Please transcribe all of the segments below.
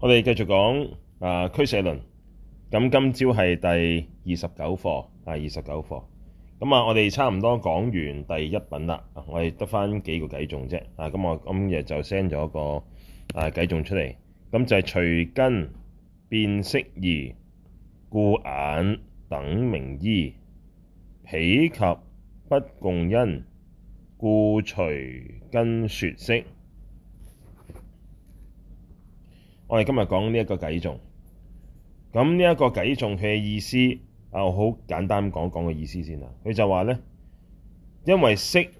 我哋繼續講啊，俱、呃、舍論。咁今朝係第二十九課啊，二十九課。咁啊，我哋差唔多講完第一品啦。我哋得返幾個偈頌啫。啊，咁我今日就 send 咗個啊偈頌出嚟。咁就係隨根變識異，故眼等名依，彼及不共因，故隨根說識。我哋今日講呢一個偈頌，咁呢一個偈頌佢嘅意思啊，好簡單講講個意思先啦。佢就話咧，因為識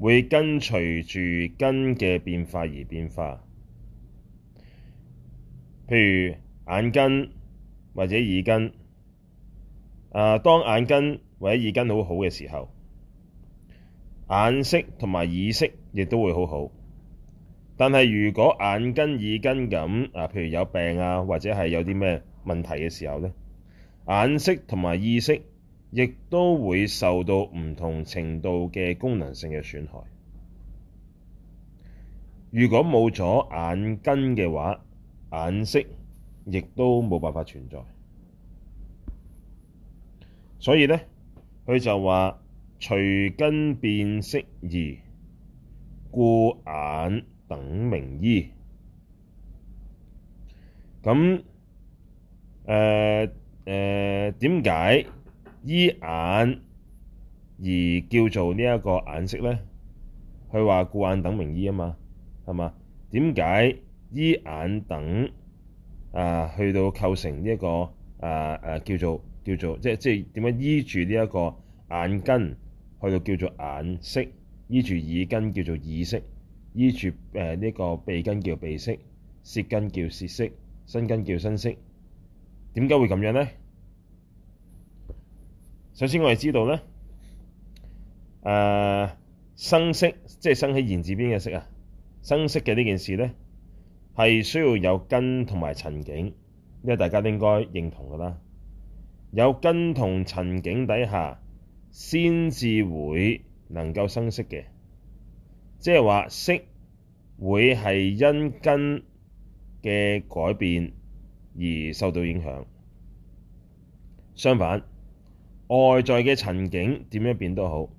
會跟隨住根嘅變化而變化，譬如眼根或者耳根，啊、呃，當眼根或者耳根好好嘅時候，眼識同埋耳識亦都會好好。但係，如果眼根、耳根咁啊，譬如有病啊，或者係有啲咩問題嘅時候咧，眼識同埋耳識亦都會受到唔同程度嘅功能性嘅損害。如果冇咗眼根嘅話，眼識亦都冇辦法存在。所以咧，佢就話：隨根變識異，而故眼等名依。咁誒誒，點解依眼而叫做顏呢一個眼識咧？佢話故眼等名依啊嘛，係嘛？點解依眼等啊？去到構成呢、這、一個啊啊，叫做叫做即即點樣依住呢一個眼根，去到叫做眼識；依住耳根叫做耳識。依住誒呢個鼻根叫鼻識，舌根叫舌識，身根叫身識。點解會咁樣呢？首先我哋知道咧，誒生識即係生喺言字邊嘅識啊。生識嘅呢件事咧，係需要有根同埋塵境，呢個大家都應該認同㗎啦。有根同塵境底下，先至會能夠生識嘅，即係話識。會係因根嘅改變而受到影響。相反，外在嘅塵境點樣變都好，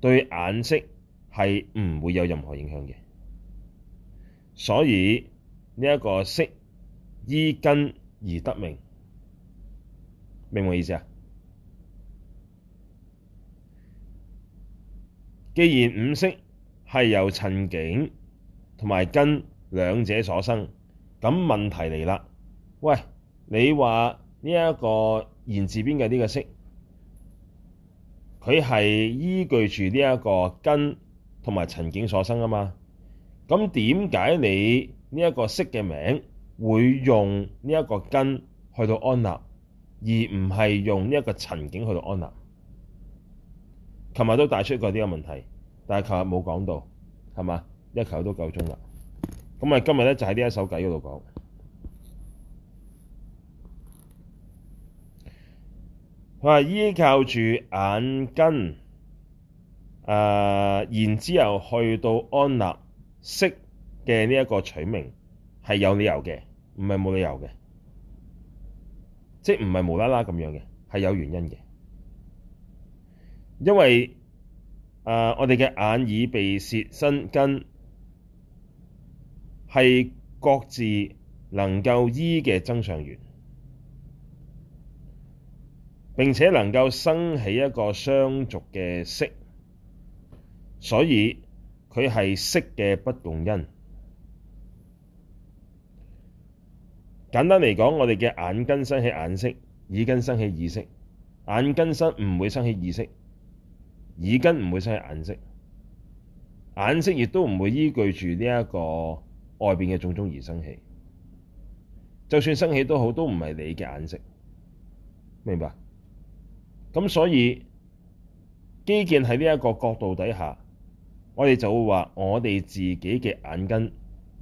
對眼識係唔會有任何影響嘅。所以呢一、這個識依根而得名，明唔明意思啊？既然五識係由塵境。同埋根兩者所生，咁問題嚟啦。喂，你話呢一個言字邊嘅呢個識，佢係依據住呢一個根同埋塵境所生啊嘛。咁點解你呢一個識嘅名會用呢一個根去到安立，而唔係用呢一個塵境去到安立？琴日都帶出過呢個問題，但係琴日冇講到，係嘛？一球都夠鐘啦！咁、就是、啊，今日咧就喺呢一首偈嗰度講。佢話依靠住眼根，誒、呃、然之後去到安立色嘅呢一個取名係有理由嘅，唔係冇理由嘅，即係唔係無啦啦咁樣嘅，係有原因嘅。因為誒、呃，我哋嘅眼耳鼻舌身根係各自能夠依嘅增上緣，並且能夠生起一個相續嘅識，所以佢係識嘅不共因。簡單嚟講，我哋嘅眼根生起眼識，耳根生起耳識，眼根生唔會生起耳識，耳根唔會生起眼識，眼識亦都唔會依據住呢一個外邊嘅種種而生起，就算生起都好，都唔係你嘅眼識，明白？咁所以基建喺呢一個角度底下，我哋就會話我哋自己嘅眼根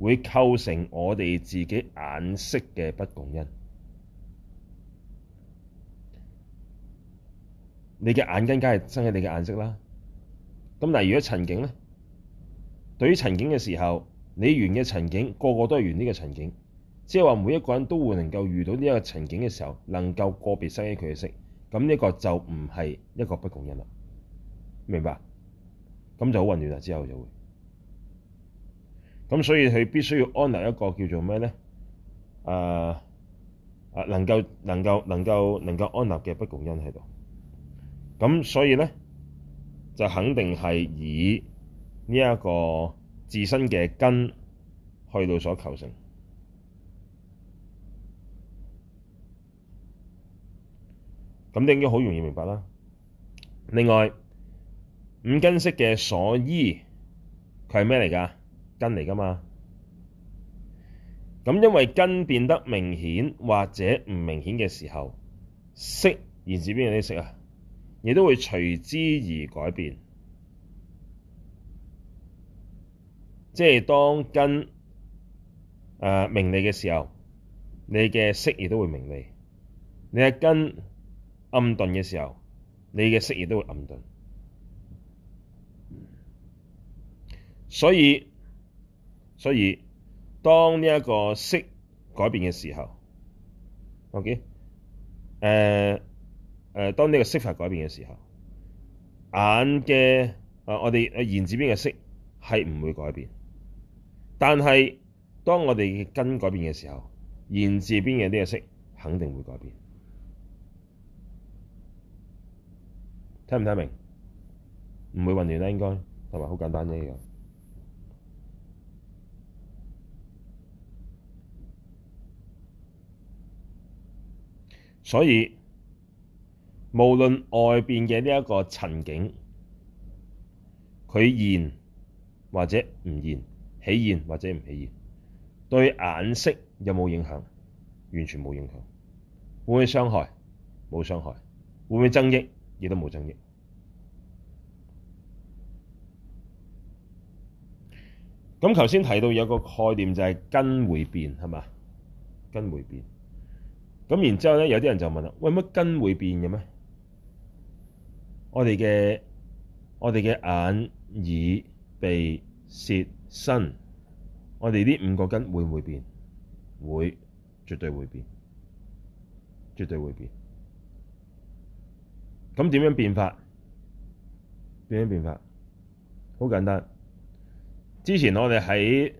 會構成我哋自己眼識嘅不共因。你嘅眼根梗係生起你嘅眼識啦。咁例如果塵境呢，對於塵境嘅時候。你完嘅情景，個個都係完呢個情景，即係話每一個人都會能夠遇到呢一個情景嘅時候，能夠個別生起佢嘅識，咁呢個就唔係一個不共因啦，明白？咁就好混亂啦，之後就會，咁所以佢必須要安立一個叫做咩咧？誒、呃、誒，能夠能夠能夠能夠安立嘅不共因喺度，咁所以咧就肯定係以呢一個。自身嘅根去到所求成，咁你應該好容易明白啦。另外，五根識嘅所依，佢係咩嚟噶？根嚟噶嘛？咁因為根變得明顯或者唔明顯嘅時候，色源自邊度啲色啊，亦都會隨之而改變。即係當根、呃、明利嘅時候，你嘅色亦都會明利；你一根暗頓嘅時候，你嘅色亦都會暗頓。所以，所以當呢一個色改變嘅時候，ok 誒、呃、誒、呃，當呢個色法改變嘅時候，眼嘅誒、呃、我哋誒言字邊嘅色係唔會改變。但係，當我哋根改變嘅時候，現字邊嘅啲嘢色肯定會改變。聽唔聽明？唔會混亂啦，應該係咪好簡單啫、呢個？所以，無論外邊嘅呢一個情景，佢現或者唔現。起現或者唔起現，對眼識有冇影響？完全冇影響，會唔會傷害？冇傷害，會唔會增益？亦都冇增益。咁頭先提到有個概念就係根會變，係嘛？根會變，咁然之後咧，有啲人就問啦，喂，乜根會變嘅咩？我哋嘅我哋嘅眼、耳、鼻、舌、身，我哋呢五個根會唔會變？會，絕對會變，絕對會變。咁點樣變法？點樣變法？好簡單。之前我哋喺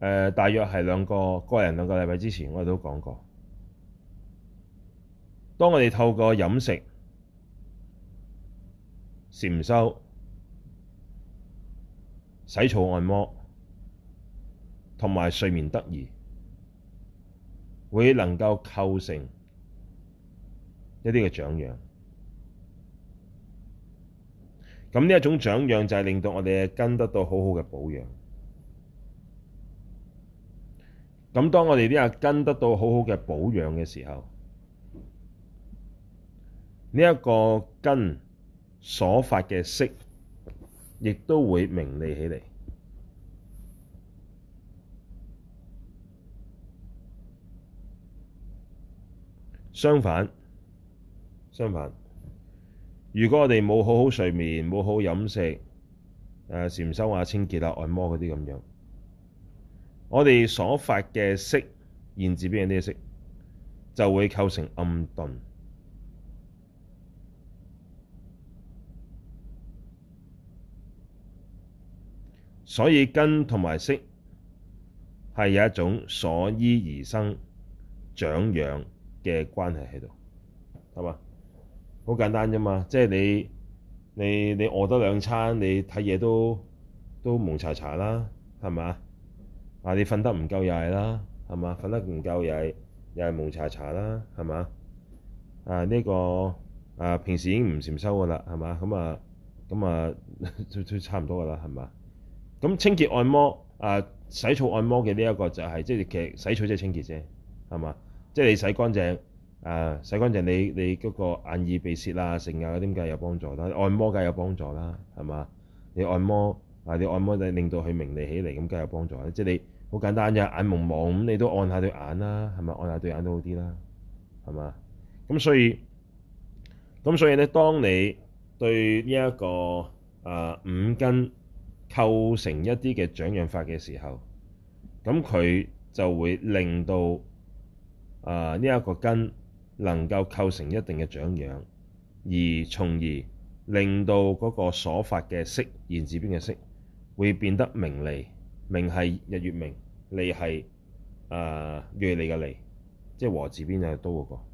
誒，大約係兩個個人兩個禮拜之前，我哋都講過。當我哋透過飲食禪修。洗澡按摩，同埋睡眠得宜，會能夠構成一啲嘅長養。咁呢一種長養就係令到我哋嘅根得到好好嘅保養。咁當我哋啲啊根得到好好嘅保養嘅時候，呢一個根所發嘅色。亦都會明利起嚟。相反，相反，如果我哋冇好好睡眠，冇好飲食，誒、啊，禪修啊、清潔啊、按摩嗰啲咁樣，我哋所發嘅識，言字邊嘅呢啲識，就會構成暗鈍。所以根同埋識係有一種所依而生長養嘅關係喺度，係嘛？好簡單啫嘛，即係你你你餓得兩餐，你睇嘢都都蒙查查啦，係嘛？啊，你瞓得唔夠又係啦，係嘛？瞓得唔夠又係又係蒙查查啦，係嘛？啊，呢個啊，平時已經唔禪修噶啦，係嘛？咁啊咁啊，都都差唔多噶啦，係嘛？咁清潔按摩啊、呃，洗澡按摩嘅呢一個就係、是、即係其實洗澡即係清潔啫，係嘛？即係你洗乾淨啊、呃，洗乾淨你你嗰個眼耳鼻舌啊成啊嗰啲梗係有幫助啦、啊，按摩梗係有幫助啦，係嘛？你按摩啊，你按摩你令到佢明利起嚟，咁梗係有幫助啦。即係你好簡單啫，眼蒙蒙咁，你都按下對眼啦，係咪？按下對眼都好啲啦，係嘛？咁所以咁所以咧，當你對呢、這、一個啊、呃、五根構成一啲嘅長養法嘅時候，咁佢就會令到啊呢一個根能夠構成一定嘅長養，而從而令到嗰個所發嘅識，言字邊嘅識會變得明利。明係日月明，利係啊銳利嘅利，即係禾字邊有刀嗰個。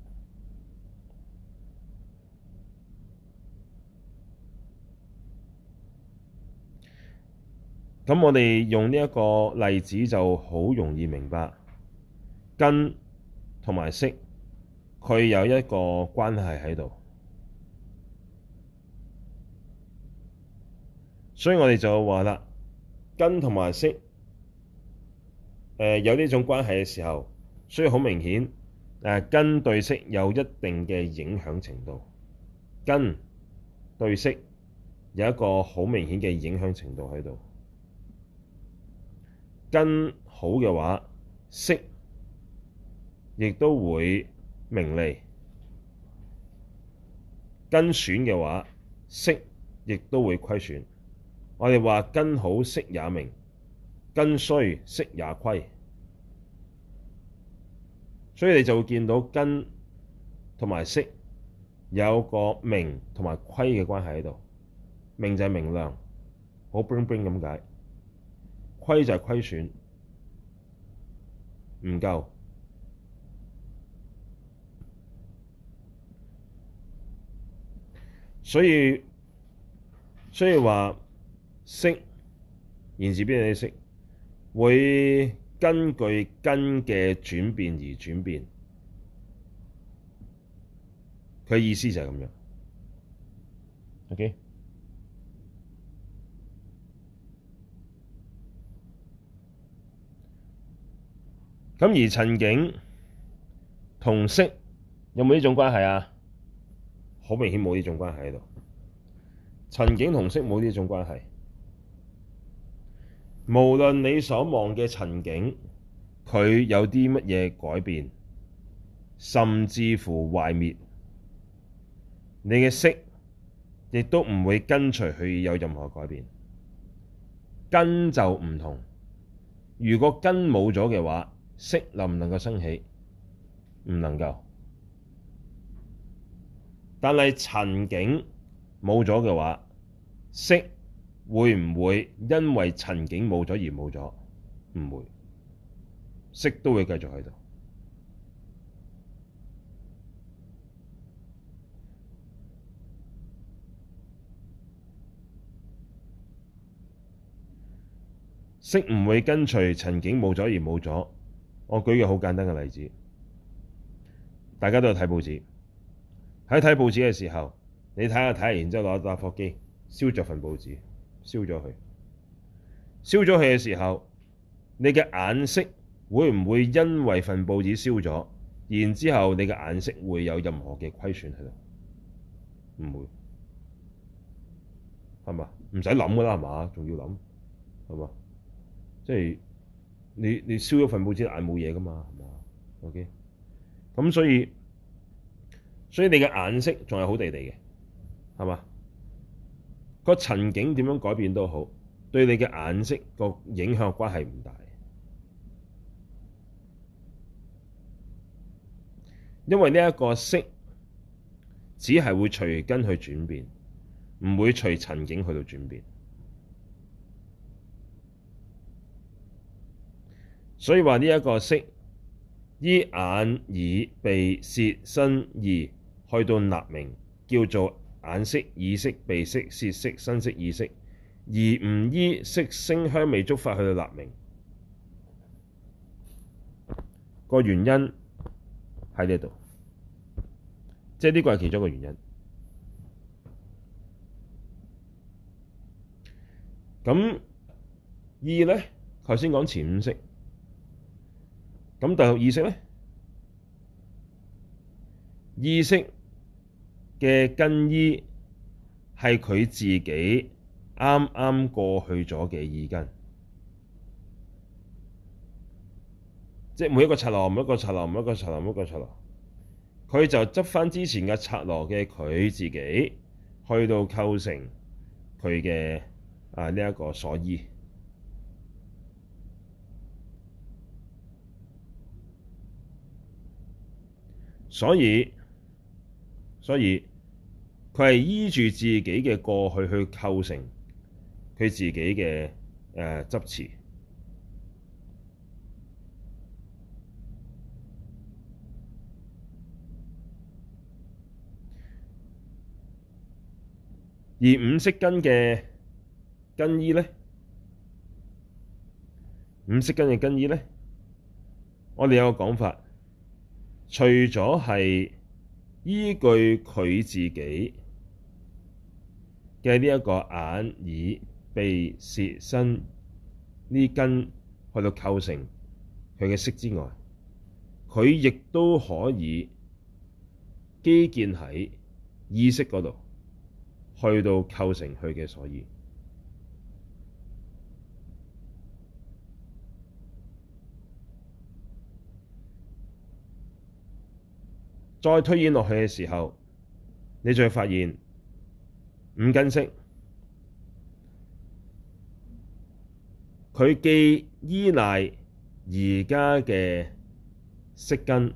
咁我哋用呢一個例子就好容易明白，根同埋識佢有一個關係喺度，所以我哋就話啦，根同埋識誒、呃、有呢種關係嘅時候，所以好明顯誒根、呃、對識有一定嘅影響程度，根對識有一個好明顯嘅影響程度喺度。根好嘅話，識亦都會明利；根損嘅話，識亦都會虧損。我哋話根好識也明；根衰識也虧。所以你就會見到根同埋識有個明同埋虧嘅關係喺度。明就係明亮，好 bling bling 咁解。虧就係虧損，唔夠，所以所以話，識言字邊有啲識，會根據根嘅轉變而轉變，佢意思就係咁樣，ok。咁而塵境同識有冇呢種關係啊？好明顯冇呢種關係喺度。塵境同識冇呢種關係。無論你所望嘅塵境，佢有啲乜嘢改變，甚至乎壞滅，你嘅識亦都唔會跟隨佢有任何改變。根就唔同。如果根冇咗嘅話，色能唔能夠生起？唔能夠。但係塵境冇咗嘅話，色會唔會因為塵境冇咗而冇咗？唔會，色都會繼續喺度。色唔會跟隨塵境冇咗而冇咗。我舉個好簡單嘅例子，大家都有睇報紙。喺睇報紙嘅時候，你睇下睇下，然之後攞打火機燒咗份報紙，燒咗佢。燒咗佢嘅時候，你嘅眼識會唔會因為份報紙燒咗，然之後你嘅眼識會有任何嘅虧損喺度？唔會，係嘛？唔使諗噶啦，係嘛？仲要諗，係嘛？即係。你你燒一份報紙，眼冇嘢㗎嘛，係嘛？OK，咁所以所以你嘅眼識仲係好地地嘅，係嘛？個塵境點樣改變都好，對你嘅眼識個影響關係唔大，因為呢一個識只係會隨根去轉變，唔會隨塵境去到轉變。所以話呢一個識依眼耳鼻舌身意去到立名，叫做眼識、耳識、鼻識、舌識、身識、意識。而唔依色聲香味觸法去到立名，個原因喺呢度，即係呢個係其中一個原因。咁二呢，頭先講前五識。咁第個意識咧，意識嘅根依係佢自己啱啱過去咗嘅意根，即係每一個剎羅，每一個剎羅，每一個剎羅，每一個剎羅，佢就執返之前嘅剎羅嘅佢自己，去到構成佢嘅啊呢一個所依。所以，所以佢係依住自己嘅過去去構成佢自己嘅誒、呃、執持。而五色根嘅根依咧，五色根嘅根依咧，我哋有個講法。除咗係依據佢自己嘅呢一個眼、耳、鼻、舌、身呢根去到構成佢嘅色之外，佢亦都可以基建喺意識嗰度去到構成佢嘅所依。再推演落去嘅時候，你就會發現五根識，佢既依賴而家嘅色根，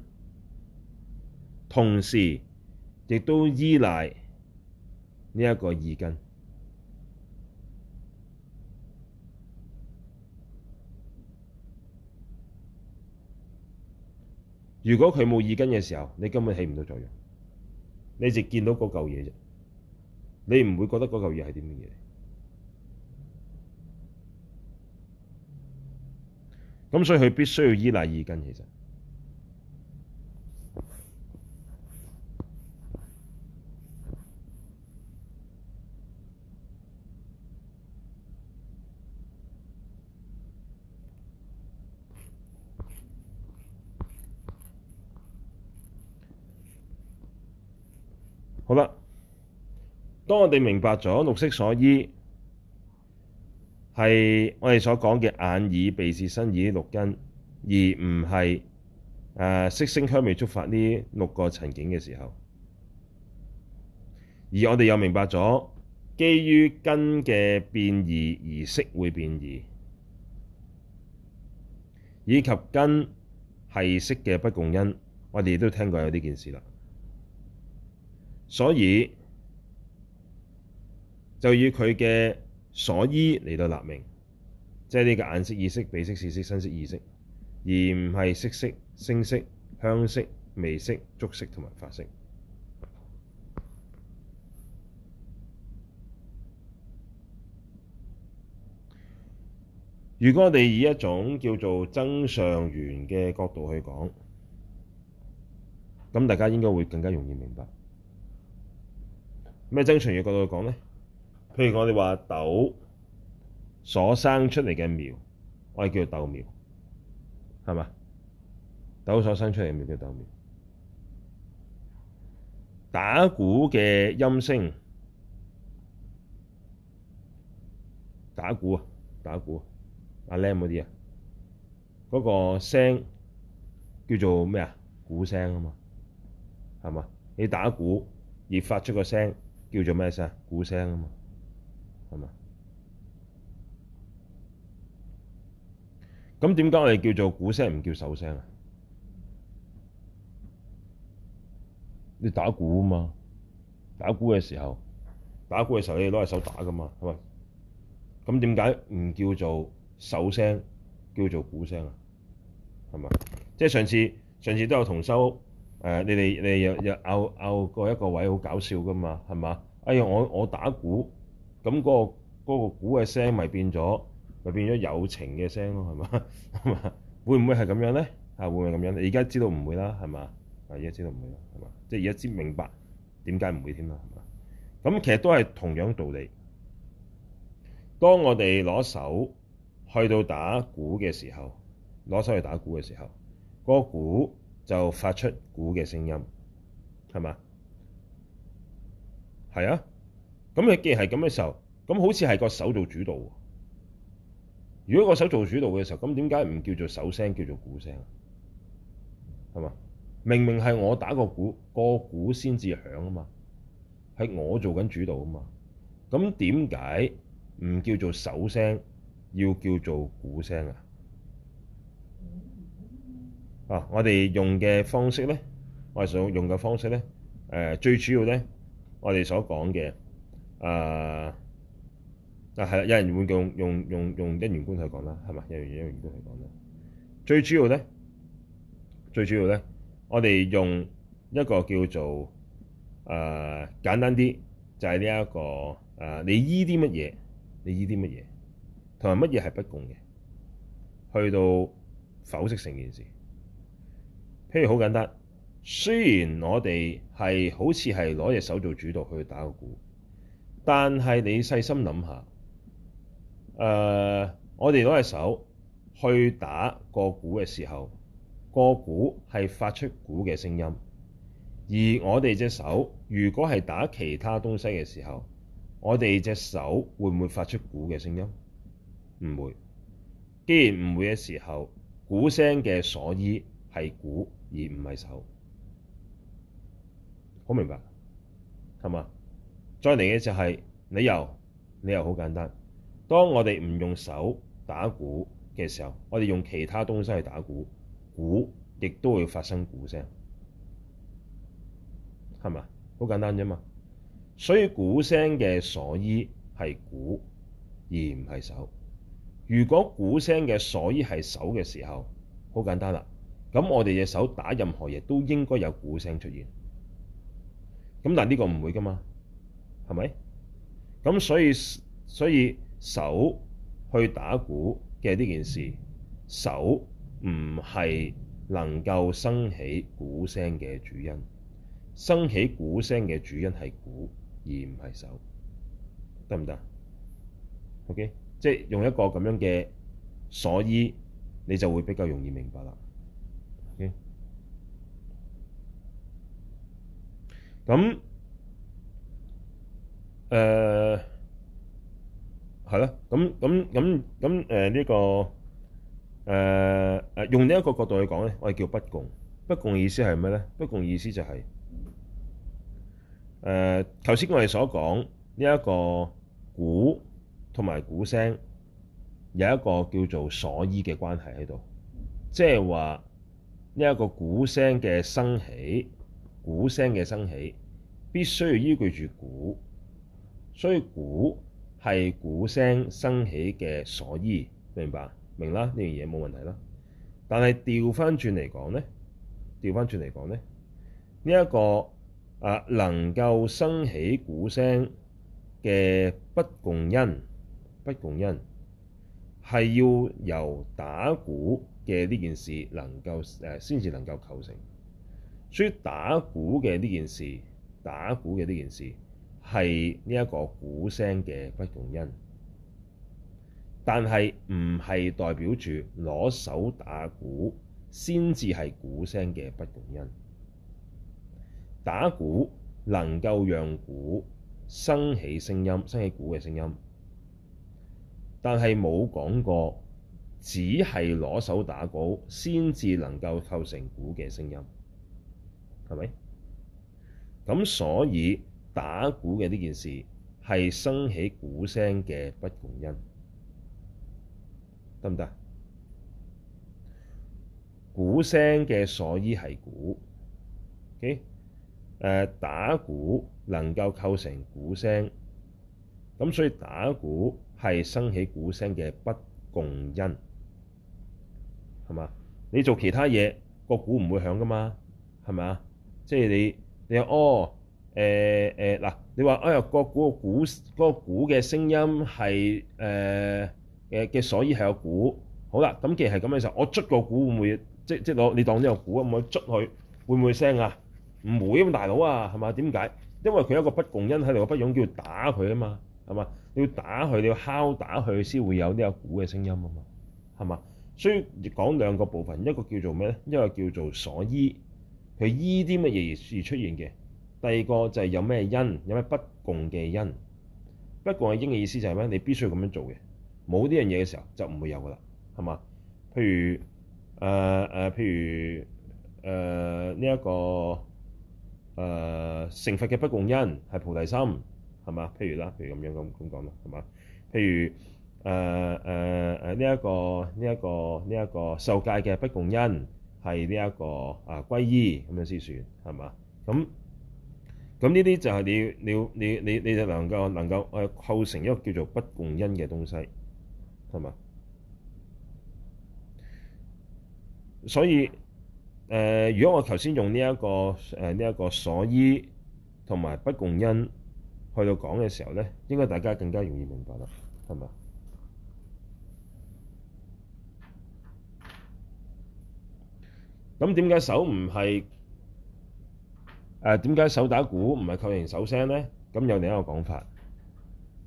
同時亦都依賴呢一個意根。如果佢冇意根嘅時候，你根本起唔到作用，你只見到嗰嚿嘢啫，你唔會覺得嗰嚿嘢係點嘅嘢。咁所以佢必須要依賴意根，其實。好啦，當我哋明白咗六識所依係我哋所講嘅眼耳鼻舌身意六根，而唔係誒色聲香味觸法呢六個塵境嘅時候，而我哋又明白咗基於根嘅變異而識會變異，以及根係識嘅不共因，我哋都聽過有呢件事啦。所以就以佢嘅所依嚟到立名，即係呢個眼識、耳識、鼻識、舌識、身識、意識，而唔係色識、聲識、香識、味識、觸識同埋法識。如果我哋以一種叫做增上緣嘅角度去講，咁大家應該會更加容易明白。咩增上緣嘅角度去講咧？譬如我哋話豆所生出嚟嘅苗，我哋叫做豆苗，係嘛？豆所生出嚟嘅苗叫豆苗。打鼓嘅音聲，打鼓啊，打鼓啊，阿 l e 嗰啲啊，嗰、那個聲叫做咩啊？鼓聲啊嘛，係嘛？你打鼓而發出個聲。叫做咩聲啊？鼓聲啊嘛，係嘛？咁點解我哋叫做鼓聲唔叫手聲啊？你打鼓啊嘛，打鼓嘅時候，打鼓嘅時候你攞隻手打噶嘛，係咪？咁點解唔叫做手聲，叫做鼓聲啊？係咪？即係上次，上次都有同修。誒，你哋你哋又又拗拗過一個位好搞笑噶嘛，係嘛？哎呀，我我打鼓，咁嗰個嗰個鼓嘅聲咪變咗，咪變咗友情嘅聲咯，係嘛？係嘛？會唔會係咁樣咧？啊，會唔會咁樣？而家知道唔會啦，係嘛？啊，而家知道唔會啦，係嘛？即係而家先明白點解唔會添啦，係嘛？咁其實都係同樣道理。當我哋攞手去到打鼓嘅時候，攞手去打鼓嘅時候，個鼓。就發出鼓嘅聲音，係嘛？係啊，咁佢既然係咁嘅時候，咁好似係個手做主導。如果個手做主導嘅時候，咁點解唔叫做手聲，叫做鼓聲啊？係嘛？明明係我打個鼓，個鼓先至響啊嘛，係我做緊主導啊嘛，咁點解唔叫做手聲，要叫做鼓聲啊？啊！我哋用嘅方式咧，我哋想用嘅方式咧，誒最主要咧，我哋所講嘅啊，啊係啦，有人會用用用用因緣觀嚟講啦，係嘛？用因緣觀嚟講啦。最主要咧、呃啊，最主要咧，我哋用一個叫做誒、呃、簡單啲，就係呢一個誒你依啲乜嘢，你依啲乜嘢，同埋乜嘢係不共嘅，去到剖析成件事。譬如好簡單，雖然我哋係好似係攞隻手做主導去打個鼓，但係你細心諗下，誒、呃，我哋攞隻手去打個鼓嘅時候，個鼓係發出鼓嘅聲音，而我哋隻手如果係打其他東西嘅時候，我哋隻手會唔會發出鼓嘅聲音？唔會。既然唔會嘅時候，鼓聲嘅所依係鼓，而唔係手，好明白，係嘛？再嚟嘅就係理由，理由好簡單。當我哋唔用手打鼓嘅時候，我哋用其他東西去打鼓，鼓亦都會發生鼓聲，係嘛？好簡單啫嘛。所以鼓聲嘅所依係鼓，而唔係手。如果鼓聲嘅所依係手嘅時候，好簡單啦。咁我哋隻手打任何嘢，都應該有鼓聲出現。咁但係呢個唔會噶嘛，係咪？咁所以，所以手去打鼓嘅呢件事，手唔係能夠生起鼓聲嘅主因，生起鼓聲嘅主因係鼓而唔係手，得唔得？OK，即係用一個咁樣嘅所依，你就會比較容易明白啦。咁，誒，係、呃、咯，咁咁咁咁誒呢個誒誒，用呢一個角度去講咧，我哋叫不共。不共意思係咩咧？不共意思就係、是、誒，頭、呃、先我哋所講呢一個鼓同埋鼓聲有一個叫做所依嘅關係喺度，即係話呢一個鼓聲嘅生起。鼓聲嘅生起必須要依據住鼓，所以鼓係鼓聲生起嘅所依，明白？明啦，呢樣嘢冇問題啦。但係調翻轉嚟講咧，調翻轉嚟講咧，呢、這、一個啊能夠生起鼓聲嘅不共因，不共因係要由打鼓嘅呢件事能夠誒、先、呃、至能夠構成。所以打鼓嘅呢件事，打鼓嘅呢件事係呢一個鼓聲嘅不共因，但係唔係代表住攞手打鼓先至係鼓聲嘅不共因。打鼓能夠讓鼓生起聲音，生起鼓嘅聲音，但係冇講過只係攞手打鼓先至能夠構成鼓嘅聲音。係咪咁？所以打鼓嘅呢件事係生起鼓聲嘅不共因，得唔得？鼓聲嘅所依係鼓，誒、okay? 呃、打鼓能夠構成鼓聲，咁所以打鼓係生起鼓聲嘅不共因，係嘛？你做其他嘢個鼓唔會響噶嘛？係咪啊？即係你，你哦，誒誒嗱，你話哎呀，個鼓個鼓嗰個鼓嘅聲音係誒嘅嘅所依係有鼓，好啦，咁其實係咁嘅時候，我捽個鼓會唔會即即攞你當呢個鼓啊？我捽佢會唔會聲啊？唔會咁大佬啊，係嘛、啊？點解？因為佢有個不共因喺度，個不翁叫打佢啊嘛，係嘛？你要打佢，你要敲打佢先會有呢個鼓嘅聲音啊嘛，係嘛？所以講兩個部分，一個叫做咩咧？一個叫做所依。佢依啲乜嘢而出現嘅？第二個就係有咩因，有咩不共嘅因？不共嘅因嘅意思就係咩？你必須要咁樣做嘅。冇呢樣嘢嘅時候，就唔會有噶啦，係嘛？譬如誒誒、呃呃，譬如誒呢一個誒、呃、成佛嘅不共因係菩提心，係嘛？譬如啦，譬如咁樣咁咁講啦，係嘛？譬如誒誒誒呢一個呢一個呢一個受戒嘅不共因。係呢一個啊歸依咁樣先算係嘛？咁咁呢啲就係你你你你你就能夠能夠誒構成一個叫做不共因嘅東西，係嘛？所以誒、呃，如果我頭先用呢、這、一個誒呢一個所依同埋不共因去到講嘅時候咧，應該大家更加容易明白啦，係嘛？咁點解手唔係，誒點解手打鼓唔係構成手聲咧？咁有另一個講法，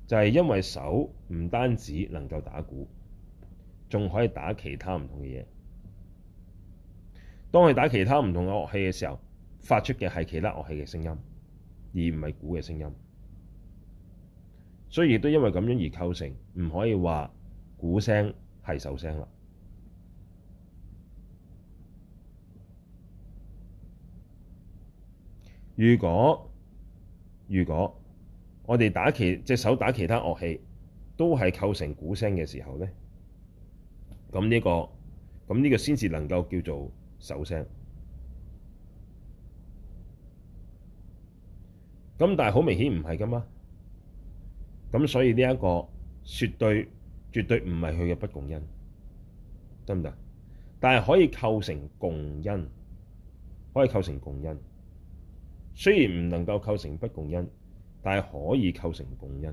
就係因為手唔單止能夠打鼓，仲可以打其他唔同嘅嘢。當你打其他唔同嘅樂器嘅時候，發出嘅係其他樂器嘅聲音，而唔係鼓嘅聲音。所以亦都因為咁樣而構成，唔可以話鼓聲係手聲啦。如果如果我哋打其隻手打其他樂器都係構成鼓聲嘅時候咧，咁呢個咁呢個先至能夠叫做手聲。咁但係好明顯唔係噶嘛，咁所以呢一個對絕對絕對唔係佢嘅不共因，得唔得？但係可以構成共因，可以構成共因。雖然唔能夠構成不共因，但係可以構成共因。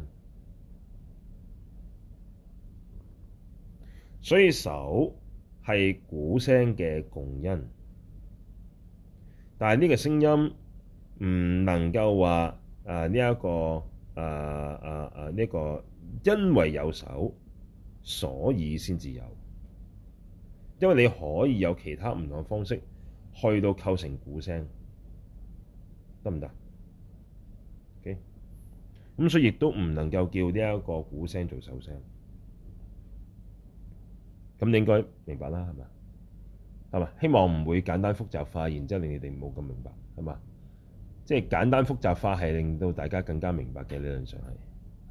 所以手係鼓聲嘅共因，但係呢個聲音唔能夠話、呃呢個呃、啊呢一、啊呢個啊啊啊呢個因為有手，所以先至有，因為你可以有其他唔同嘅方式去到構成鼓聲。得唔得？OK，咁所以亦都唔能夠叫呢一個鼓聲做手聲，咁你應該明白啦，係咪？係嘛？希望唔會簡單複雜化，然之後令你哋冇咁明白，係嘛？即係簡單複雜化係令到大家更加明白嘅理論上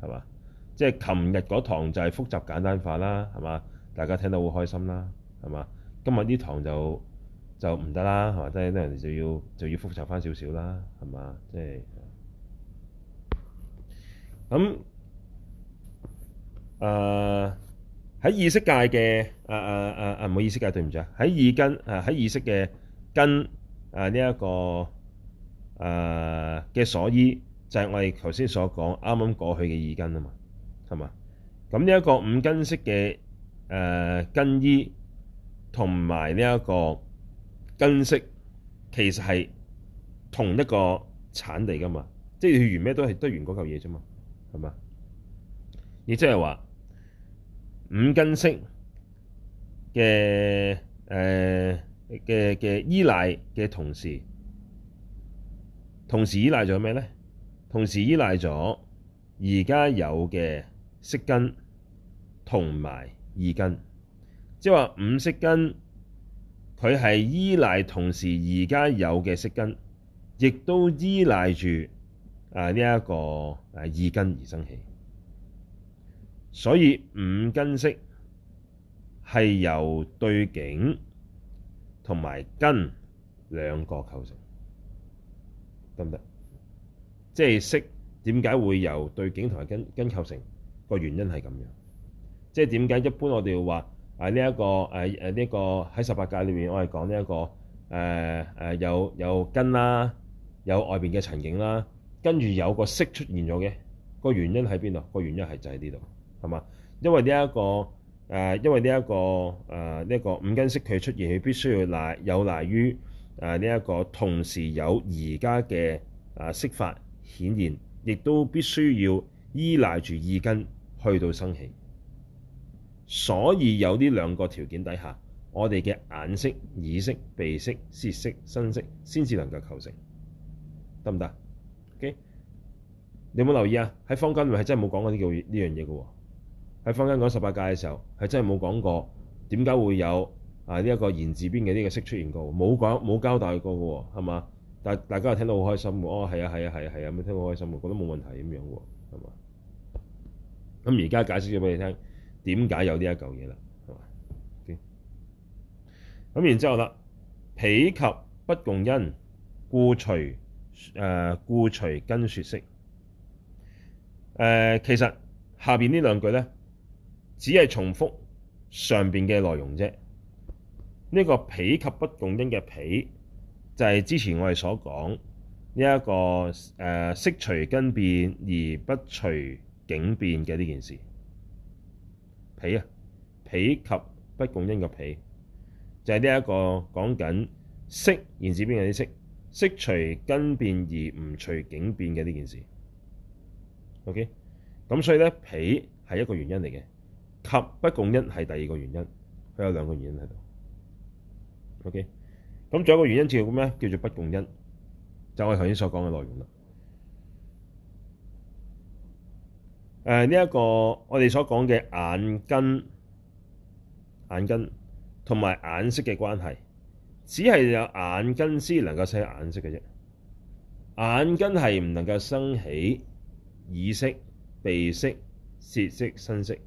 係，係嘛？即係琴日嗰堂就係複雜簡單化啦，係嘛？大家聽到好開心啦，係嘛？今日呢堂就。就唔得啦，係嘛？即係咧，人哋就要就要複習翻少少啦，係嘛？即係咁誒喺意識界嘅誒誒誒誒，唔好意思界對唔住啊！喺意根誒喺意識嘅根誒呢一個誒嘅所依，就係我哋頭先所講啱啱過去嘅意根啊嘛，係嘛？咁呢一個五根識嘅誒根依同埋呢一個。根識其實係同一個產地噶嘛，即係完咩都係得完原嗰嚿嘢啫嘛，係咪啊？你即係話五根識嘅誒嘅嘅依賴嘅同時，同時依賴咗咩咧？同時依賴咗而家有嘅色根同埋意根，即係話五色根。佢係依賴同時而家有嘅色根，亦都依賴住啊呢一個啊意根而生起，所以五根識係由對境同埋根兩個構成，得唔得？即係識點解會由對境同埋根根構成？個原因係咁樣，即係點解一般我哋會話？啊！呢、啊、一、這個誒誒呢個喺十八界裏面，我哋講呢一個誒誒有有根啦，有外邊嘅塵境啦，跟住有個色出現咗嘅個原因喺邊度？個原因係就喺呢度，係嘛？因為呢、這、一個誒、啊，因為呢、這、一個誒呢、啊這個五根色佢出現，佢必須要賴有賴於誒呢一個同時有而家嘅誒色法顯現，亦都必須要依賴住意根去到生起。所以有呢兩個條件底下，我哋嘅眼識、耳識、鼻識、舌識、身識先至能夠構成，得唔得？OK，你有冇留意啊？喺坊間係真係冇講過呢個呢樣嘢嘅喎，喺坊間講十八界嘅時候，係真係冇講過點解會有啊呢一個言字邊嘅呢個識出現過，冇講冇交代過嘅喎，係嘛？但大家聽到好開心嘅，哦，係啊係啊係啊係啊，咁聽到好開心嘅，覺得冇問題咁樣嘅喎，係嘛？咁而家解釋咗俾你聽。點解有呢一嚿嘢啦？咁、okay. 然之後啦，彼及不共因，故隨誒、呃、故隨根說識。誒、呃，其實下邊呢兩句咧，只係重複上邊嘅內容啫。呢、這個彼及不共因嘅彼，就係、是、之前我哋所講呢一個誒，識、呃、隨根變而不隨境變嘅呢件事。彼啊，彼及不共因嘅彼，就係呢一個講緊識，然之後邊嘅啲識，識隨根變而唔隨境變嘅呢件事。OK，咁所以咧，彼係一個原因嚟嘅，及不共因係第二個原因，佢有兩個原因喺度。OK，咁仲有一個原因叫做咩？叫做不共因，就係、我頭先所講嘅內容啦。誒，呢一、呃這個我哋所講嘅眼根、眼根同埋眼識嘅關係，只係有眼根先能夠生眼識嘅啫。眼根係唔能夠生起耳識、鼻識、舌識、身識，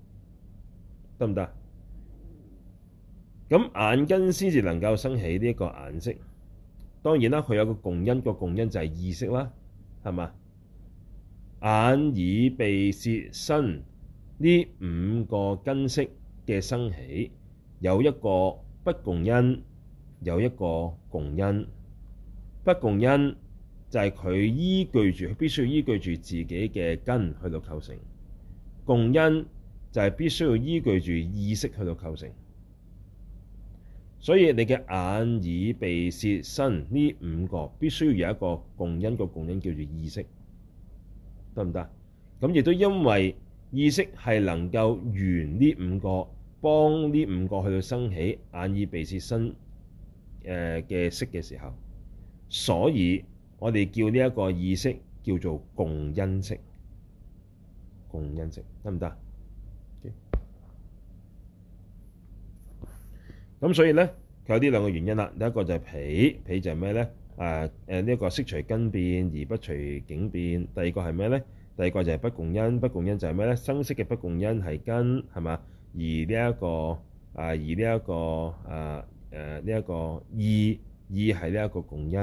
得唔得？咁眼根先至能夠生起呢一個眼識。當然啦，佢有個共因，個共因就係意識啦，係嘛？眼耳鼻舌身呢五個根識嘅生起，有一個不共因，有一個共因。不共因就係佢依據住，必須要依據住自己嘅根去到構成；共因就係必須要依據住意識去到構成。所以你嘅眼耳鼻舌身呢五個必須要有一個共因，個共因叫做意識。得唔得？咁亦都因為意識係能夠緣呢五個，幫呢五個去到生起眼耳鼻舌身誒嘅色嘅時候，所以我哋叫呢一個意識叫做共因識，共因識得唔得？咁、okay. 所以咧，佢有呢兩個原因啦。第一個就係彼，彼就係咩咧？啊誒呢一個識隨根變而不隨境變。第二個係咩咧？第二個就係不共因。不共因就係咩咧？生識嘅不共因係根係嘛？而呢、這、一個啊，而呢、這、一個啊誒呢一個意意係呢一個共因。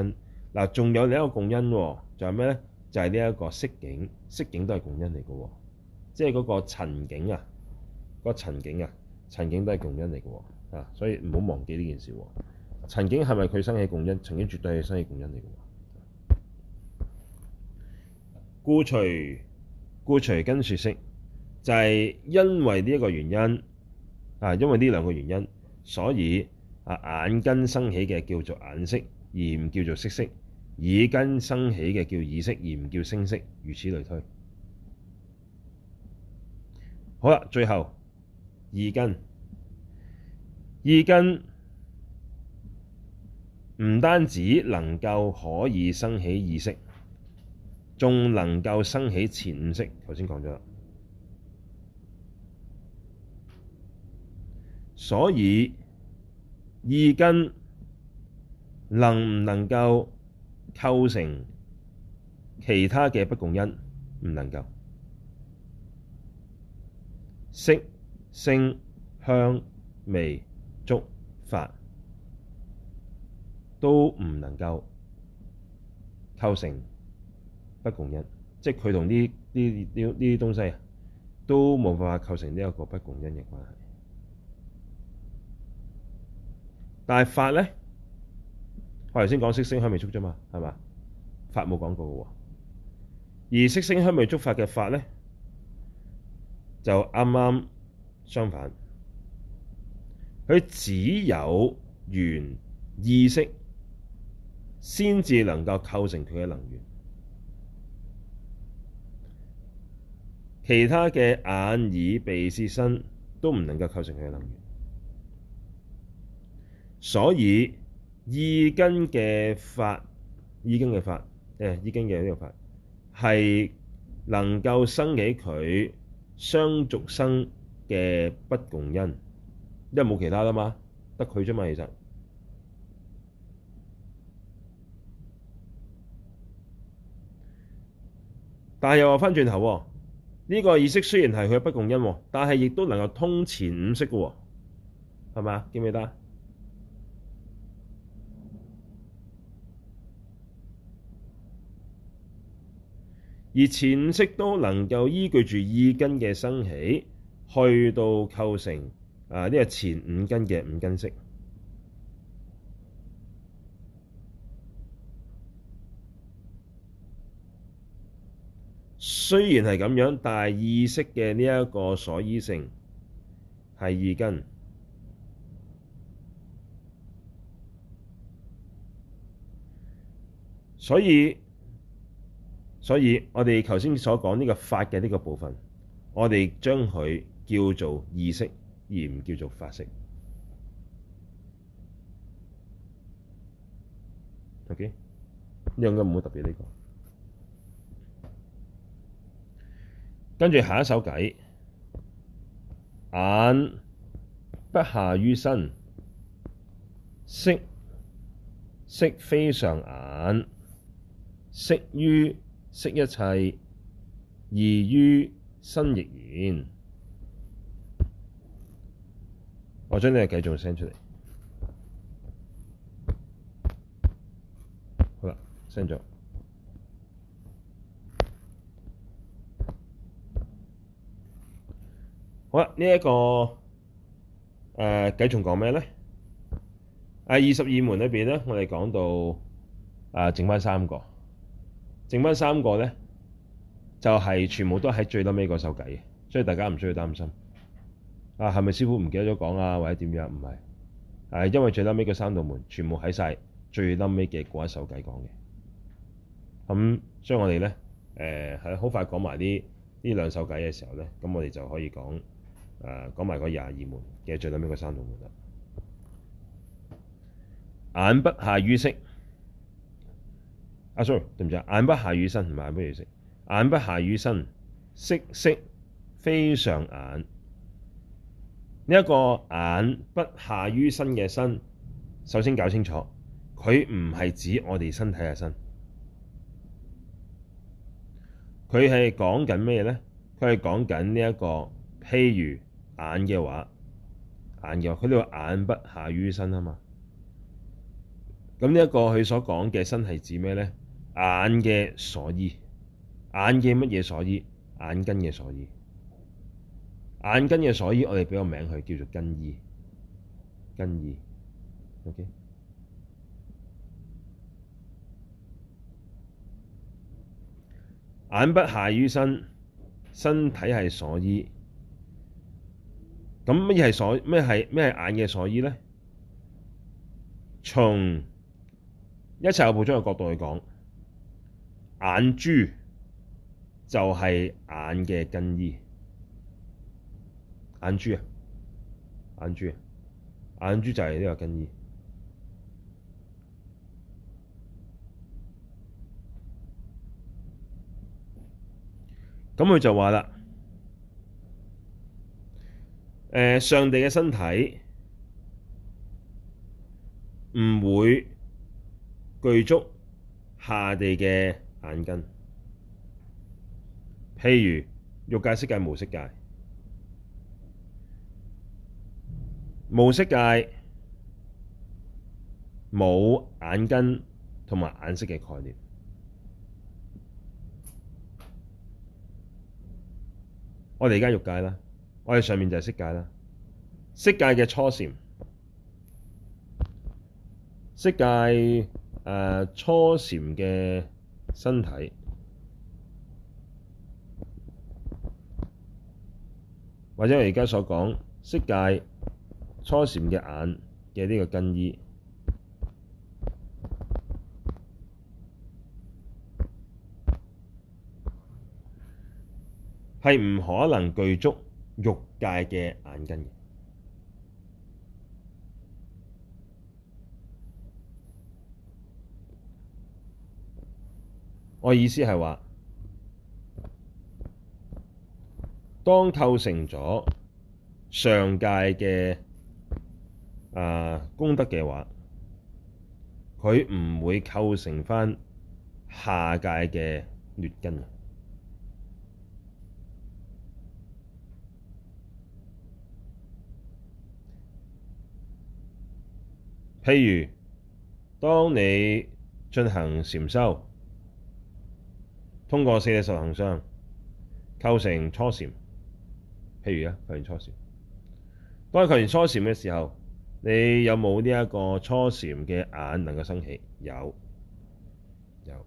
嗱、啊，仲有另一個共因喎、啊，仲有咩咧？就係呢一個色境。色境都係共因嚟嘅、啊。即係嗰個塵境啊，個塵境啊，塵、那個境，啊境，啊、境都係共因嚟嘅。啊，所以唔好忘記呢件事喎、啊。曾經係咪佢生起共因？曾經絕對係生起共因嚟嘅。故隨故隨根說識，就係因為呢一個原因啊，因為呢兩個原因，所以啊眼根生起嘅叫做眼識，而唔叫做色識；耳根生起嘅叫耳識，而唔叫聲識。如此類推。好啦，最後意根，意根。唔單止能夠可以生起意識，仲能夠生起前五識。頭先講咗，所以意根能唔能夠構成其他嘅不共因？唔能夠。色、聲、香、味、觸、法。都唔能夠構成不共因，即係佢同呢啲啲啲啲東西啊，都無法構成呢一個不共因嘅關係。但係法咧，我頭先講色聲香味觸啫嘛，係嘛？法冇講過嘅喎，而色聲香味觸法嘅法咧，就啱啱相反，佢只有原意識，先至能夠構成佢嘅能緣，其他嘅眼、耳、鼻、舌、身都唔能夠構成佢嘅能緣。所以意根嘅法、意根嘅法、誒、哎、意根嘅呢個法係能夠生起佢相續生嘅不共因，因為冇其他啦嘛，得佢啫嘛，其實。但係又話翻轉頭，呢、這個意識雖然係佢不共因，但係亦都能夠通前五識嘅，係咪啊？記唔記得？而前五識都能夠依據住意根嘅生起，去到構成啊呢、這個前五根嘅五根識。雖然係咁樣，但係意識嘅呢一個所依性係意根所，所以所以，我哋頭先所講呢個法嘅呢個部分，我哋將佢叫做意識，而唔叫做法識。OK，呢兩唔好特別呢個。跟住下一首偈，眼不下於身，色識非上眼，色於識一切，二於身亦然。我將呢個偈仲聲出嚟，好啦，聲咗。好啦，這個呃、續呢一個誒繼續講咩咧？啊，二十二門裏邊咧，我哋講到啊、呃，剩翻三個，剩翻三個咧，就係、是、全部都喺最撚尾嗰首偈嘅，所以大家唔需要擔心啊，係咪師傅唔記得咗講啊，或者點樣？唔係，係、啊、因為最撚尾嘅三道門全部喺晒最撚尾嘅嗰一首偈講嘅。咁、嗯，所以我哋咧誒係好快講埋啲呢兩首偈嘅時候咧，咁我哋就可以講。誒、啊、講埋個廿二門，嘅最屘邊個三道門啦。眼不下於色，阿、啊、sorry，對唔住眼不下於身唔係眼不下於色，眼不下於身，色識非上眼。呢、這、一個眼不下於身嘅身，首先搞清楚，佢唔係指我哋身體嘅身，佢係講緊咩咧？佢係講緊呢一個譬如。眼嘅話，眼嘅話，佢哋話眼不下於身啊嘛。咁呢一個佢所講嘅身係指咩咧？眼嘅所依，眼嘅乜嘢所依？眼根嘅所依。眼根嘅所依，我哋俾個名佢叫做根依。根依，ok。眼不下於身，身體係所依。咁乜嘢係所咩係咩係眼嘅所依咧？從一切有部嘅角度去講，眼珠就係眼嘅根依。眼珠啊，眼珠啊，眼珠就係呢個根依。咁佢就話啦。上地嘅身體唔會具足下地嘅眼根。譬如欲界、色界、無色界，無色界冇眼根同埋眼識嘅概念。我哋而家欲界啦。我哋上面就係色界啦，色界嘅初禪，色界誒初禪嘅身體，或者我而家所講色界初禪嘅眼嘅呢個根依，係唔可能具足。欲界嘅眼根嘅，我意思係話，當構成咗上界嘅啊、呃、功德嘅話，佢唔會構成翻下界嘅劣根啦。譬如，當你進行禪修，通過四個實行商構成初禪，譬如啊，構成初禪。當構成初禪嘅時候，你有冇呢一個初禪嘅眼能夠生起？有，有。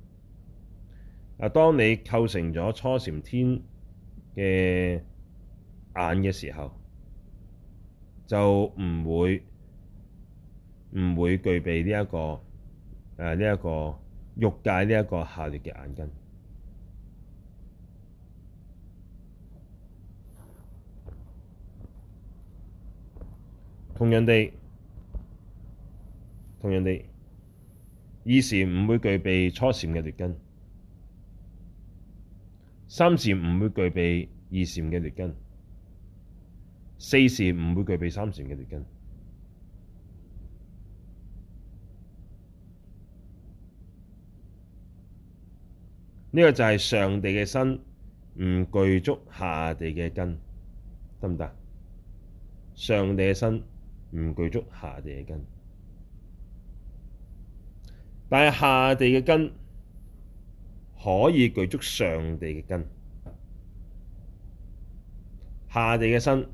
啊，當你構成咗初禪天嘅眼嘅時候，就唔會。唔會具備呢、這、一個誒呢一個欲界呢一個下劣嘅眼根，同樣地，同樣地，二禪唔會具備初禪嘅劣根，三禪唔會具備二禪嘅劣根，四禪唔會具備三禪嘅劣根。呢個就係上地嘅身唔具足下地嘅根，得唔得？上地嘅身唔具足下地嘅根，但係下地嘅根可以具足上地嘅根。下地嘅身，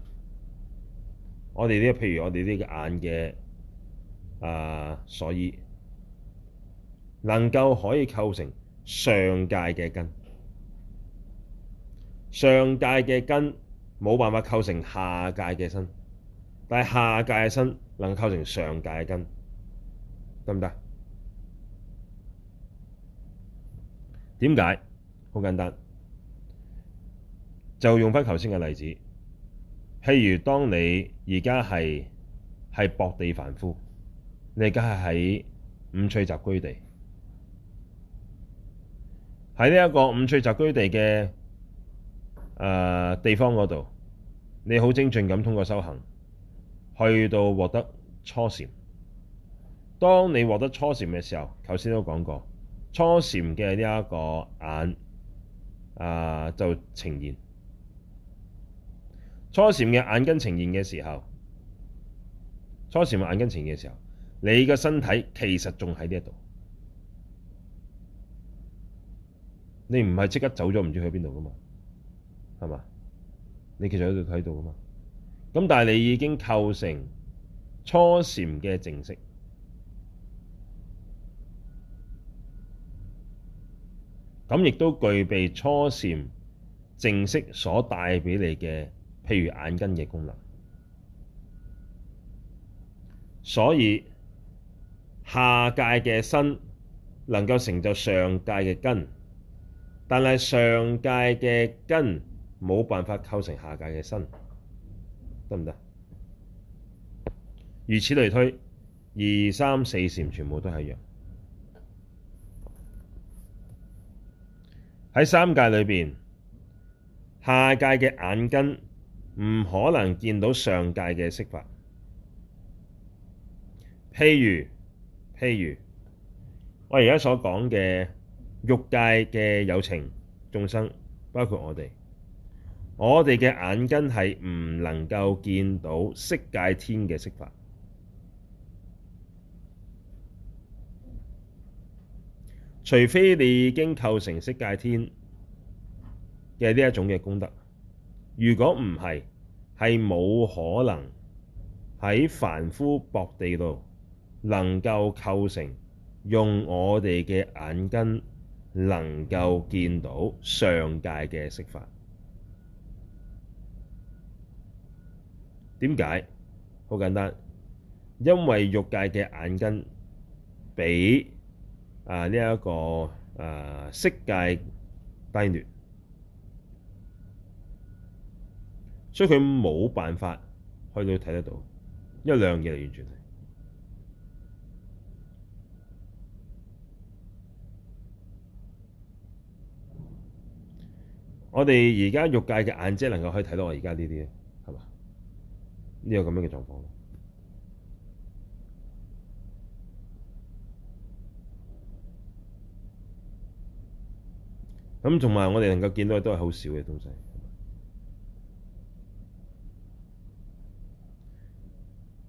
我哋呢？譬如我哋呢個眼嘅啊、呃，所以能夠可以構成。上界嘅根。上界嘅根冇辦法構成下界嘅身，但係下界嘅身能構成上界嘅根，得唔得？點解？好簡單，就用返頭先嘅例子，譬如當你而家係係薄地凡夫，你而家係喺五趣集居地。喺呢一個五趣雜居地嘅、誒、呃、地方嗰度，你好精進咁通過修行，去到獲得初禪。當你獲得初禪嘅時候，頭先都講過，初禪嘅呢一個眼啊、呃、就呈現，初禪嘅眼根呈現嘅時候，初禪嘅眼根呈現嘅時候，你嘅身體其實仲喺呢一度。你唔係即刻走咗，唔知去邊度噶嘛？係嘛？你其實喺度喺度噶嘛？咁但係你已經構成初禪嘅淨色，咁亦都具備初禪淨色所帶俾你嘅，譬如眼根嘅功能。所以下界嘅身能夠成就上界嘅根。但係上界嘅根冇辦法構成下界嘅身，得唔得？如此類推，二三四禪全部都係一樣。喺三界裏邊，下界嘅眼根唔可能見到上界嘅色法。譬如譬如，我而家所講嘅。欲界嘅有情眾生，包括我哋，我哋嘅眼根係唔能夠見到色界天嘅色法，除非你已經構成色界天嘅呢一種嘅功德。如果唔係，係冇可能喺凡夫薄地度能夠構成用我哋嘅眼根，能夠見到上界嘅色法，點解？好簡單，因為欲界嘅眼根比啊呢一個啊色界低劣，所以佢冇辦法去到睇得到，因為兩樣嘢嚟嘅原因。我哋而家欲界嘅眼睛能夠可以睇到我而家呢啲，係嘛？呢、這個咁樣嘅狀況。咁同埋我哋能夠見到嘅都係好少嘅東西，係嘛？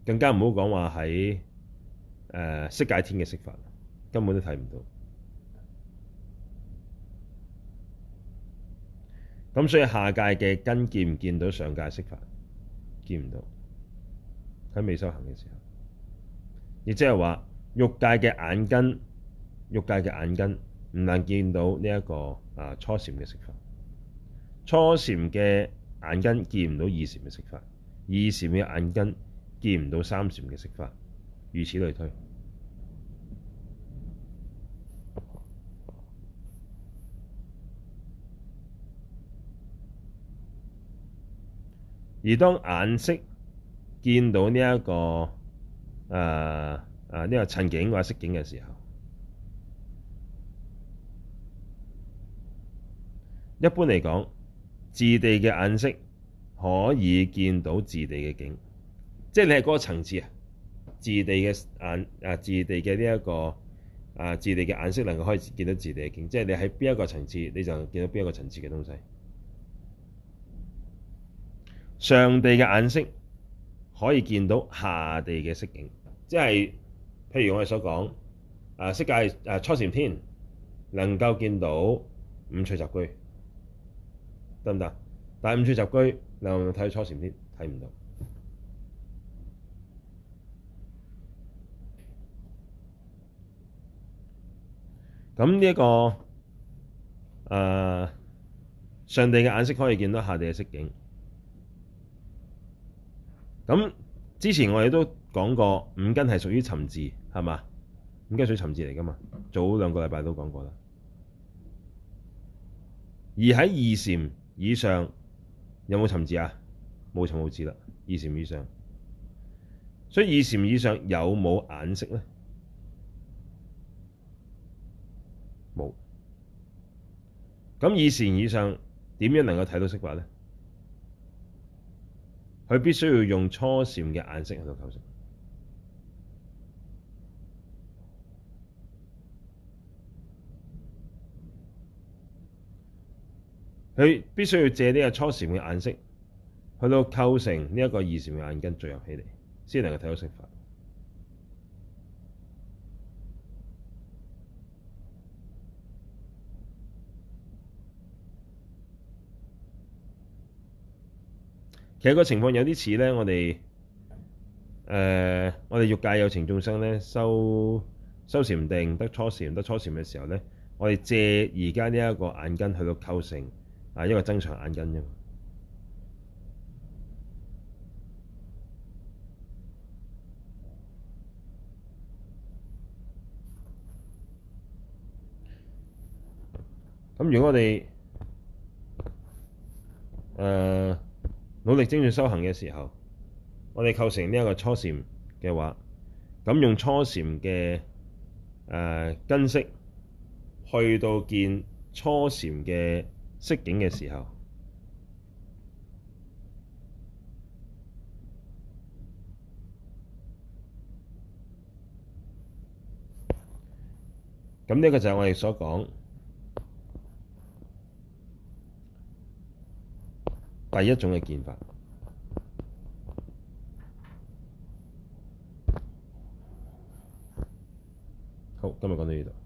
更加唔好講話喺誒色界天嘅色法，根本都睇唔到。咁所以下界嘅根見唔見到上界色法？見唔到，喺未修行嘅時候，亦即係話欲界嘅眼根，欲界嘅眼根唔能見到呢、這、一個啊初禪嘅色法。初禪嘅眼根見唔到二禪嘅色法，二禪嘅眼根見唔到三禪嘅色法，如此類推。而當眼識見到呢、這、一個啊啊呢個塵境或者色境嘅時候，一般嚟講，自地嘅眼識可以見到自地嘅境，即係你係嗰個層次啊。自地嘅眼、這個、啊，自地嘅呢一個啊，自地嘅眼識能夠開始見到自地嘅境，即係你喺邊一個層次，你就見到邊一個層次嘅東西。上地嘅眼、啊啊這個啊、眼色可以見到下地嘅色境，即係譬如我哋所講，誒色界誒初禪天能夠見到五趣集居，得唔得？但係五趣集居能夠睇初禪天睇唔到。咁呢一個誒，上地嘅眼色可以見到下地嘅色境。咁之前我哋都講過五根係屬於尋伺，係嘛？五根屬於尋伺嚟噶嘛？早兩個禮拜都講過啦。而喺二禪以上有冇尋伺啊？冇尋冇伺啦。二禪以上，所以二禪以上有冇眼識咧？冇。咁二禪以上點樣能夠睇到色法咧？佢必須要用初禪嘅眼，眼識去到構成，佢必須要借呢個初禪嘅眼識去到構成呢一個二禪嘅眼根聚合起嚟，先能夠睇到色法。有個情況有啲似咧，我哋誒，我哋欲界有情眾生咧，修修禪定得初禪得初禪嘅時候咧，我哋借而家呢一個眼根去到構成啊，一個增長眼根啫嘛。咁如果我哋誒，努力精進修行嘅時候，我哋構成呢一個初禪嘅話，咁用初禪嘅誒根識去到見初禪嘅色境嘅時候，咁呢個就係我哋所講。第一種嘅見法。好，今日講到呢度。